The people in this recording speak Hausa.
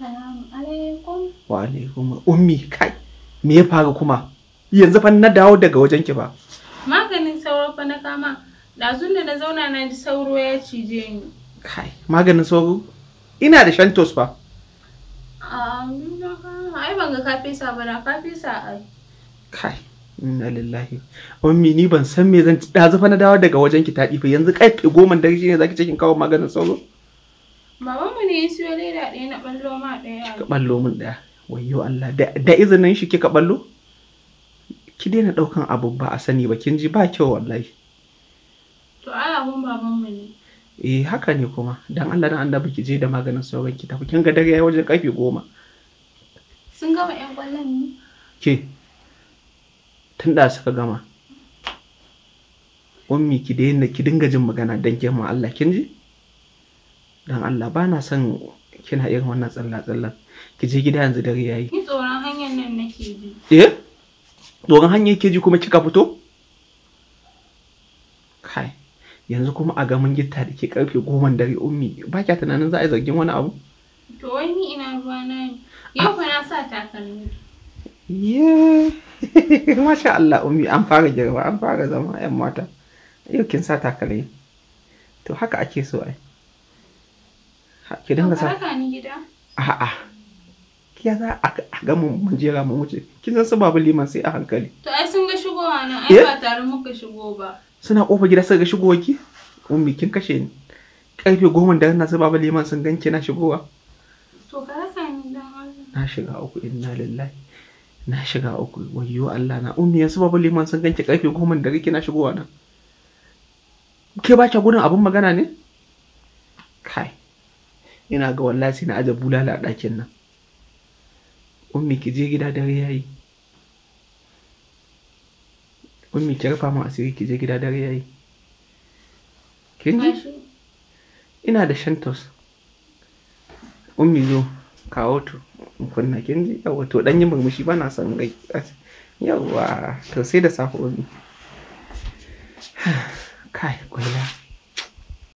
Wa alaikum ummi kai me ya faru kuma yanzu fa na dawo daga wajen ki ba. Maganin sauro fa na kama dazun da na zauna na ji sauro ya cije ni. Kai maganin sauro ina da shantos fa. Ah, ai ban ga ka fesa ba da ka fesa ai. Kai inna lillahi ummi ni ban san me zan ci dazu fa na dawo daga wajen ki ta fa yanzu kai goma da shi zaki cikin kawo maganin sauro. Babanmu ne ya siyo leda ɗaya na ɓallo ma ɗaya. Kika ɓallo min ɗaya. Wayyo Allah da izinin shi kika ɓallo? Ki daina ɗaukan abu ba a sani ba kin ji ba kyau wallahi. To ai abun babanmu ne. Eh haka ne kuma dan Allah dan annabi ki je da maganin sauran ki tafi kin ga dare yayi wajen ƙarfe goma. Sun gama ƴan ƙwallon ne? Ke tun da suka gama. Ummi ki daina ki dinga jin magana dan ke Allah kin ji? dan Allah ba na son kina irin wannan tsalla-tsallan ki je gida yanzu dare yayi ni tsoron hanyar nan nake ji eh tsoron hanyar ke ji kuma kika fito kai yanzu kuma a gamin gitta da ke karfe goman dare ummi ba kya tunanin za a yi zargin wani abu to wai ni ina ruwa na ne yau fa na sa takalmi yeah masha Allah ummi an fara girma an fara zama yan mata yau kin sa takalmi to haka ake so ai ki dinga sa a'a ki ya za a ga mu mun jera mun wuce kin san su babu liman sai a hankali to ai sun ga shigowa nan ai eh? ba tare muka shigo ba suna kofa gida suka ga shigowa ki ummi kin kashe ni karfe goma da na su babu liman sun ganki na shigowa to ka rasa ni dan na shiga uku inna lillahi na shiga uku wayyo Allah na ummi yanzu babu liman sun ganki karfe goma da kake na shigowa nan ke ba ki gudun abin magana ne ina ga wallahi na aje bulala a ɗakin nan ummi ki je gida dare yayi ummi ki rufa mu asiri ki je gida dare yayi kin ji ina da shantos ummi zo kawo wato in kunna kin ji yawa to dan yi murmushi bana son gai yawa to sai da safo ummi kai kwalla